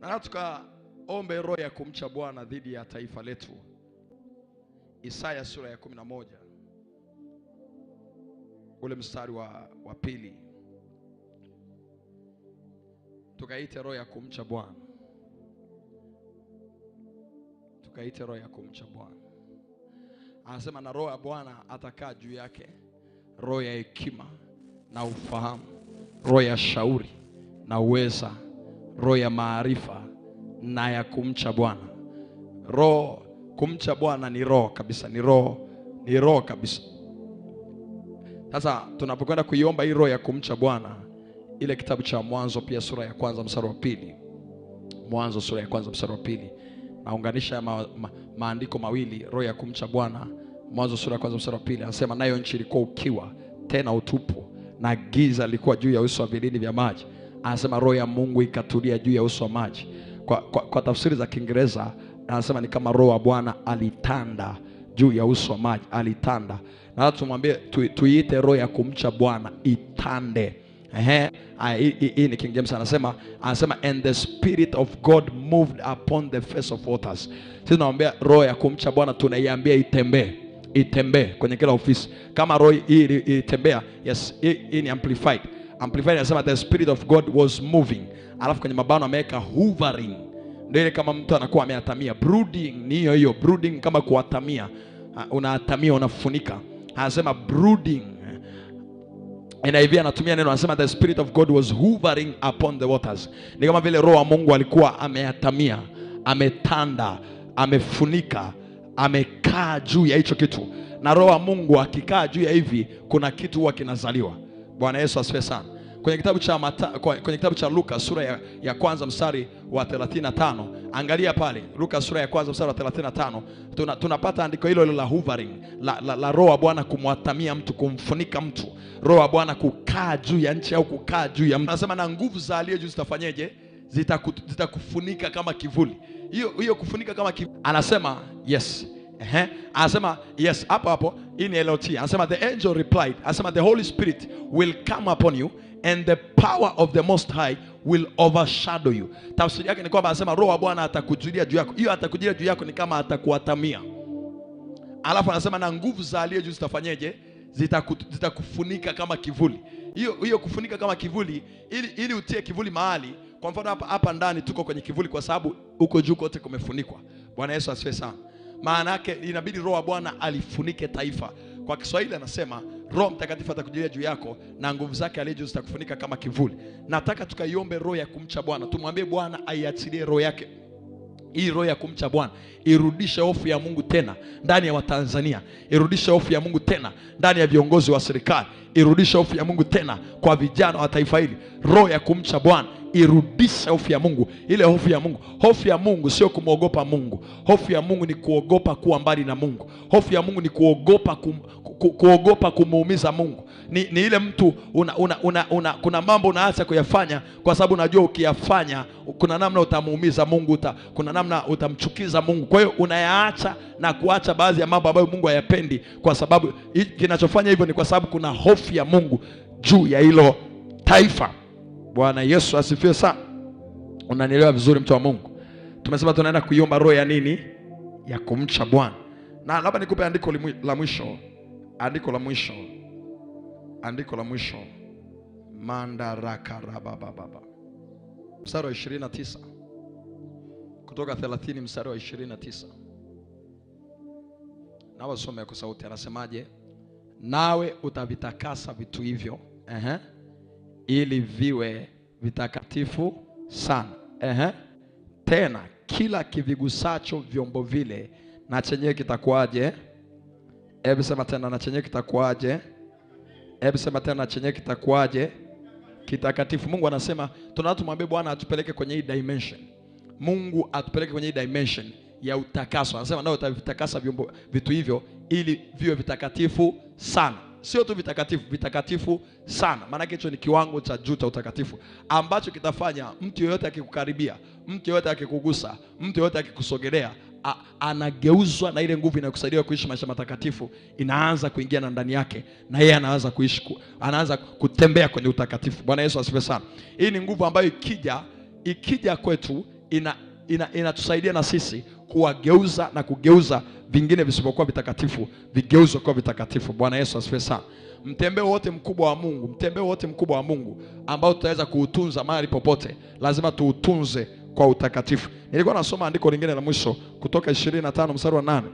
na tukaombe roho ya kumcha Bwana dhidi ya taifa letu. Isaya sura ya 11 ule mstari wa, wa pili tukaite roho ya kumcha Bwana, tukaite roho ya kumcha Bwana. Anasema na roho ya Bwana atakaa juu yake, roho ya hekima na ufahamu, roho ya shauri na uweza roho ya maarifa na ya kumcha Bwana. Roho kumcha Bwana ni roho kabisa, ni roho, ni roho kabisa. Sasa tunapokwenda kuiomba hii roho ya kumcha Bwana, ile kitabu cha Mwanzo pia sura ya kwanza mstari wa pili, Mwanzo sura ya kwanza mstari wa pili, naunganisha ma, ma, maandiko mawili, roho ya kumcha Bwana. Mwanzo sura ya kwanza mstari wa pili anasema, nayo nchi ilikuwa ukiwa tena utupu na giza lilikuwa juu ya uso wa vilindi vya maji anasema roho ya Mungu ikatulia juu ya uso wa maji. Kwa, kwa, kwa tafsiri za Kiingereza anasema ni kama roho ya Bwana alitanda juu ya uso wa maji, alitanda. Na tumwambie tu, tuiite roho ya kumcha Bwana itande. Ehe, hii ni King James anasema, anasema and the spirit of God moved upon the face of waters. Sisi tunaambia roho ya kumcha Bwana tunaiambia itembee itembee kwenye kila ofisi kama roho hii ilitembea. Yes, hii ni amplified Amplified anasema the spirit of God was moving, alafu kwenye mabano ameweka hovering, ndio ile kama mtu anakuwa ameatamia. Brooding ni hiyo hiyo, brooding kama kuatamia, unaatamia unafunika. Anasema brooding NIV anatumia neno anasema the spirit of God was hovering upon the waters. Ni kama vile roho wa Mungu alikuwa ameatamia, ametanda, amefunika, amekaa juu ya hicho kitu. Na roho wa Mungu akikaa juu ya hivi, kuna kitu huwa kinazaliwa Bwana Yesu asifiwe sana. Kwenye kitabu cha Mata, kwenye kitabu cha Luka sura ya, ya kwanza mstari wa 35, angalia pale Luka sura ya kwanza mstari wa 35, tuna, tunapata andiko hilo la hovering la, la, la roho wa Bwana kumwatamia mtu, kumfunika mtu, roho wa Bwana kukaa juu ya nchi au kukaa juu ya mtu. Anasema na nguvu za aliye juu zitafanyeje? Zitakufunika, kama kivuli. Hiyo hiyo kufunika kama kivuli, anasema yes Uh-huh. Asema, yes, hapo hapo in LOT. Asema, the angel replied, Asema, the Holy Spirit will come upon you and the power of the most high will overshadow you. Tafsiri yake ni kwamba asema, roho wa Bwana atakujulia juu yako. Hiyo atakujulia juu yako ni kama atakuatamia. Alafu anasema na nguvu za aliye juu zitafanyeje? Zitakufunika zita kama kivuli. Hiyo hiyo kufunika kama kivuli ili ili utie kivuli mahali. Kwa mfano hapa hapa ndani tuko kwenye kivuli kwa sababu huko juu kote kumefunikwa. Bwana Yesu asifiwe sana. Maana yake inabidi roho wa Bwana alifunike taifa. Kwa Kiswahili anasema Roho Mtakatifu atakujilia juu yako na nguvu zake aliye juu zitakufunika kama kivuli. Nataka tukaiombe roho ya kumcha Bwana, tumwambie Bwana aiachilie roho yake hii roho ya kumcha Bwana irudishe hofu ya Mungu tena ndani ya Watanzania, irudishe hofu ya Mungu tena ndani ya viongozi wa serikali, irudishe hofu ya Mungu tena kwa vijana wa taifa hili. Roho ya kumcha Bwana irudishe hofu ya Mungu, ile hofu ya Mungu. Hofu ya Mungu sio kumwogopa Mungu. Hofu ya Mungu ni kuogopa kuwa mbali na Mungu. Hofu ya Mungu ni kuogopa kum, ku, kuogopa kumuumiza Mungu. Ni, ni ile mtu una, una, una, una, kuna mambo unaacha kuyafanya kwa sababu unajua ukiyafanya kuna namna utamuumiza Mungu uta, kuna namna utamchukiza Mungu. Kwa hiyo unayaacha na kuacha baadhi ya mambo ambayo Mungu hayapendi, kwa sababu kinachofanya hivyo ni kwa sababu kuna hofu ya Mungu juu ya hilo taifa. Bwana Yesu asifiwe sana. Unanielewa vizuri, mtu wa Mungu? Tumesema tunaenda kuiomba roho ya nini? Ya kumcha Bwana. Na labda nikupe andiko la mwisho, andiko la mwisho, andiko la mwisho, mandarakarabababa mstari wa 29 kutoka 30 mstari wa 29 na wasome kwa sauti, anasemaje? Nawe utavitakasa vitu hivyo, ehe ili viwe vitakatifu sana. Ehe. Tena kila kivigusacho vyombo vile na chenyewe kitakuwaje? Hebu sema tena, na chenyewe kitakuwaje? Hebu sema tena, na chenyewe kitakuwaje? Kitakatifu. Mungu anasema tunatumwambia Bwana atupeleke kwenye hii dimension, Mungu atupeleke kwenye hii dimension ya utakaso. Anasema nao utavitakasa vyombo vitu hivyo ili viwe vitakatifu sana sio tu vitakatifu, vitakatifu sana. Maana hicho ni kiwango cha juu cha utakatifu ambacho kitafanya mtu yeyote akikukaribia, mtu yeyote akikugusa, mtu yeyote akikusogelea anageuzwa na ile nguvu inayokusaidia kuishi maisha matakatifu inaanza kuingia na ndani yake, na yeye anaanza kuishi, anaanza kutembea kwenye utakatifu. Bwana Yesu asifiwe sana. Hii ni nguvu ambayo ikija ikija kwetu ina, ina, inatusaidia na sisi kuwageuza na kugeuza vingine visivyokuwa vitakatifu vigeuzwe kuwa vitakatifu. Bwana Yesu asifiwe sana. Mtembeo wote mkubwa wa Mungu, mtembeo wote mkubwa wa Mungu ambao tutaweza kuutunza mahali popote, lazima tuutunze kwa utakatifu. Nilikuwa nasoma andiko lingine la mwisho kutoka 25 mstari wa nane,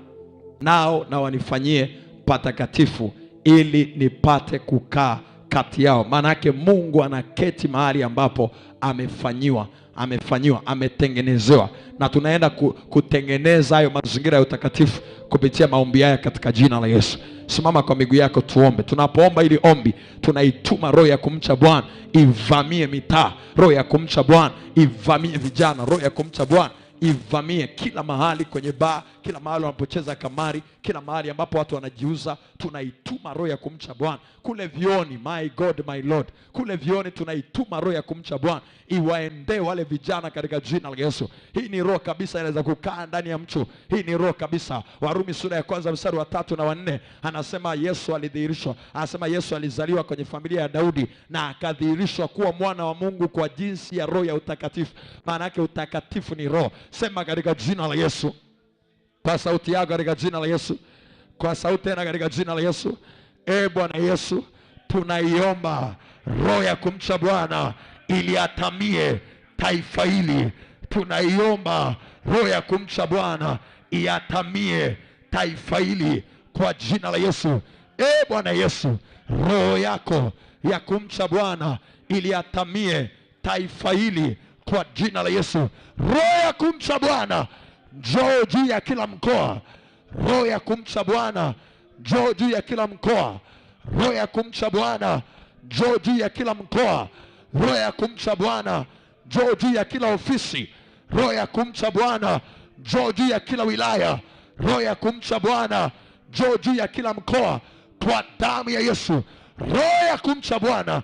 nao na wanifanyie patakatifu ili nipate kukaa kati yao. Maana yake Mungu anaketi mahali ambapo amefanyiwa, amefanyiwa, ametengenezewa, na tunaenda kutengeneza hayo mazingira ya utakatifu kupitia maombi haya katika jina la Yesu. Simama kwa miguu yako, tuombe. Tunapoomba ili ombi, tunaituma roho ya kumcha Bwana ivamie mitaa, roho ya kumcha Bwana ivamie vijana, roho ya kumcha Bwana ivamie kila mahali kwenye baa, kila mahali wanapocheza kamari, kila mahali ambapo watu wanajiuza. Tunaituma roho ya kumcha Bwana kule vioni. My God, my Lord, kule vioni tunaituma roho ya kumcha Bwana iwaendee wale vijana katika jina la Yesu. Hii ni roho kabisa inaweza kukaa ndani ya mtu, hii ni roho kabisa. Warumi sura ya kwanza mstari wa tatu na wanne anasema Yesu alidhihirishwa, anasema Yesu alizaliwa kwenye familia ya Daudi na akadhihirishwa kuwa mwana wa Mungu kwa jinsi ya roho ya utakatifu. Maana yake utakatifu ni roho sema katika jina la Yesu kwa sauti yako, katika jina la Yesu kwa sauti tena, katika jina la Yesu. E Bwana Yesu, tunaiomba roho ya kumcha Bwana iliatamie taifa hili, tunaiomba roho ya kumcha Bwana iatamie taifa hili kwa jina la Yesu. E Bwana Yesu, roho yako ya kumcha Bwana iliatamie taifa hili kwa jina la Yesu. Roho ya kumcha Bwana njoo juu ya kila mkoa, roho ya kumcha Bwana njoo juu ya kila mkoa, roho ya kumcha Bwana njoo juu ya kila mkoa, roho ya kumcha Bwana njoo juu ya kila ofisi, roho ya kumcha Bwana njoo juu ya kila wilaya, roho ya kumcha Bwana njoo juu ya kila mkoa, kwa damu ya Yesu, roho ya kumcha Bwana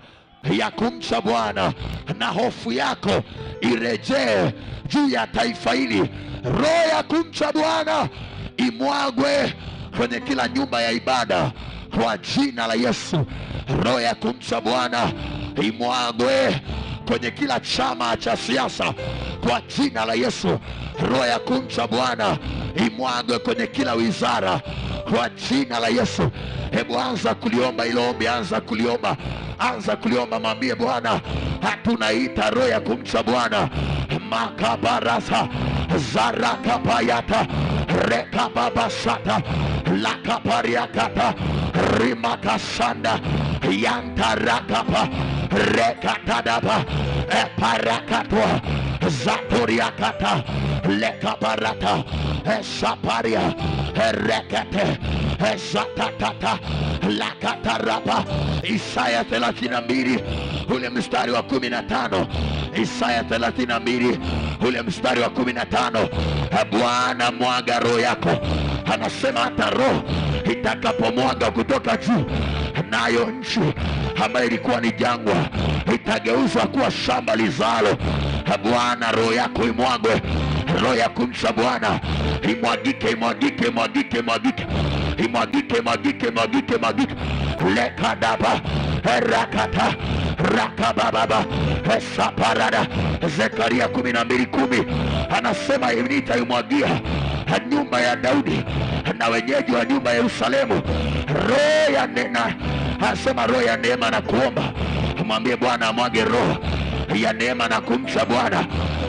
ya kumcha Bwana na hofu yako irejee juu ya taifa hili. Roho ya kumcha Bwana imwagwe kwenye kila nyumba ya ibada kwa jina la Yesu. Roho ya kumcha Bwana imwagwe kwenye kila chama cha siasa kwa jina la Yesu. Roho ya kumcha Bwana imwagwe kwenye kila wizara kwa jina la Yesu. Hebu anza kuliomba hilo ombi, anza kuliomba, anza kuliomba, mwambie Bwana, hatunaita roho ya kumcha Bwana makabarasa zarakapayata rekababasata lakapariakata rimakasanda yantarakapa rekatadaba eparakatwa zaturiakata lekabarata esaparia erekete ezatatata lakataraba Isaya 32 ule mstari wa 15 Isaya 32 ule mstari wa 15 e Bwana mwaga roho yako, anasema hata roho itakapomwaga kutoka juu, nayo nchi ambayo ilikuwa ni jangwa itageuzwa kuwa shamba lizalo. Bwana, roho yako imwagwe, roho ya kumcha Bwana imwagike, imwagike, imwagike, imwagike, imwagike, imwagike, imwagike, imwagike lekadaba rakata rakabababa saparada. Zekaria kumi na mbili kumi anasema nitaimwagia nyumba ya Daudi na wenyeji wa nyumba ya Yerusalemu. Roho ya neema asema, roho ya neema na kuomba, mwambie Bwana amwage roho ya neema na kumcha Bwana.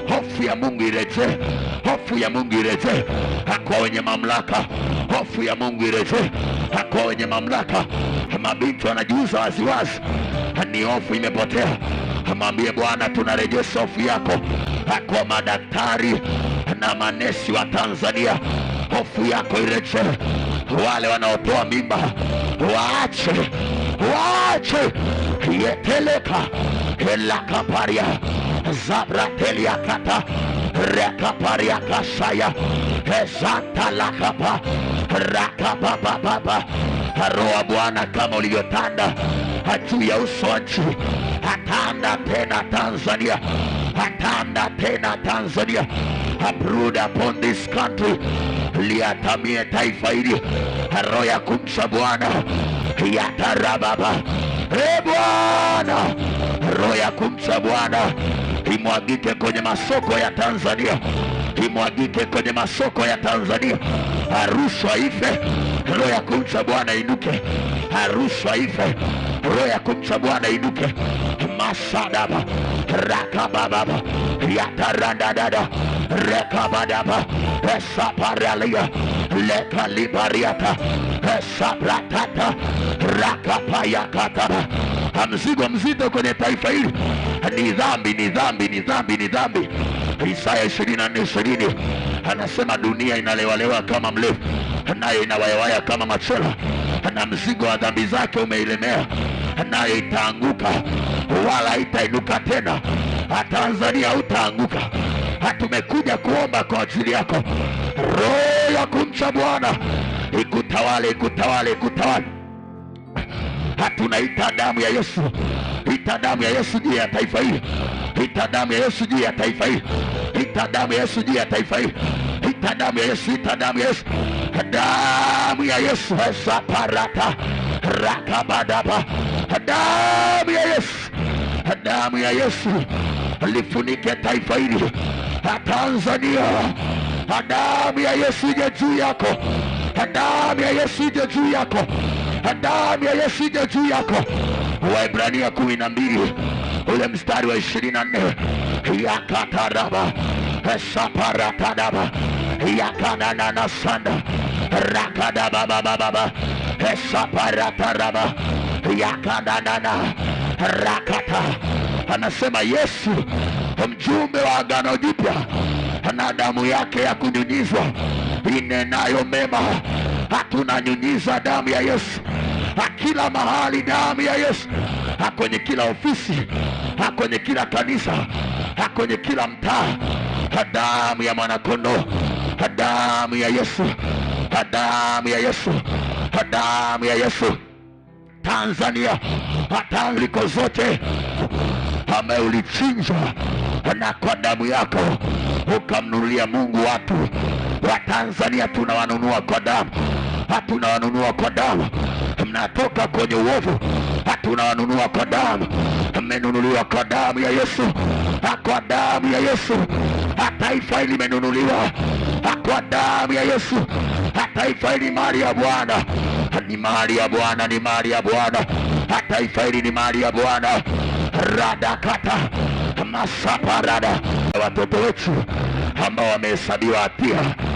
Hofu ya Mungu irejee, hofu ya Mungu irejee kwa wenye mamlaka, hofu ya Mungu irejee kwa wenye mamlaka. Mabinti wanajiuza waziwazi, ni hofu imepotea. Mwambie Bwana, tunarejesha hofu yako kwa madaktari na manesi wa Tanzania, hofu yako ireche. Wale wanaotoa mimba waache, waache. yeteleka elakaparia zabrateliakata rekapariakasaya ezatalakapa rakapapapapa roa Bwana kama ulivyotanda juu ya uso wa nchi, atanda tena Tanzania atanda tena Tanzania, brood upon this country, liatamie taifa hili roho ya kumcha Bwana yatarababa. E Bwana, roho ya kumcha Bwana imwagike kwenye masoko ya Tanzania, imwagike kwenye masoko ya Tanzania, rushwa ife roho ya kumcha Bwana inuke, rushwa ife, roho ya kumcha Bwana inuke. masadaba rakabababa yatarandadada rekabadaba esaparalia lekalibariata esapratata rakapayakataba mzigo mzito kwenye taifa hili ni dhambi, ni dhambi, ni dhambi, ni dhambi. Isaya ishirini anasema dunia inalewalewa kama mlevu nayo inawayawaya kama machela, na mzigo wa dhambi zake umeilemea, nayo itaanguka wala itainuka tena. Tanzania utaanguka. Tumekuja kuomba kwa ajili yako, roho ya kumcha Bwana ikutawale, ikutawale, ikutawale. Tunaita damu ya Yesu, ita damu ya Yesu juu ya taifa hili, ita damu ya Yesu juu ya taifa hili, ita damu ya Yesu juu ya taifa hili, ita damu ya Yesu, ita damu ya Yesu damu ya Yesu hesaparata rakabadaba damu ya Yesu damu ya Yesu lifunike taifa hili Tanzania, damu ya Yesu ije juu yako, damu ya Yesu ije juu yako, damu ya Yesu ije juu yako. Waebrania kumi na mbili ule mstari wa ishirini na nne yakataraba saparatadaba yakananana sanda rakadabababa esaparataraba yakadanana rakata anasema yesu mjumbe wa agano jipya na damu yake ya kunyunyizwa inenayo mema hatunanyunyiza damu ya yesu akila mahali damu ya yesu kwenye kila ofisi kwenye kila kanisa akwenye kila mtaa damu ya mwanakondoo damu ya yesu adam damu ya Yesu, kwa damu ya Yesu. Tanzania atangliko zote ameulichinja na kwa damu yako ukamnunulia Mungu watu wa Tanzania. Tunawanunua kwa damu, hatunawanunua kwa damu. Mnatoka kwenye uovu, hatunawanunua kwa damu. Mmenunuliwa kwa damu ya Yesu, kwa damu ya Yesu. Taifa hili limenunuliwa kwa damu ya Yesu. Taifa hili mali ya Bwana, ni mali ya Bwana, ni mali ya Bwana. Taifa hili ni mali ya Bwana. radakata masaparada watoto wetu ambao wamehesabiwa hatia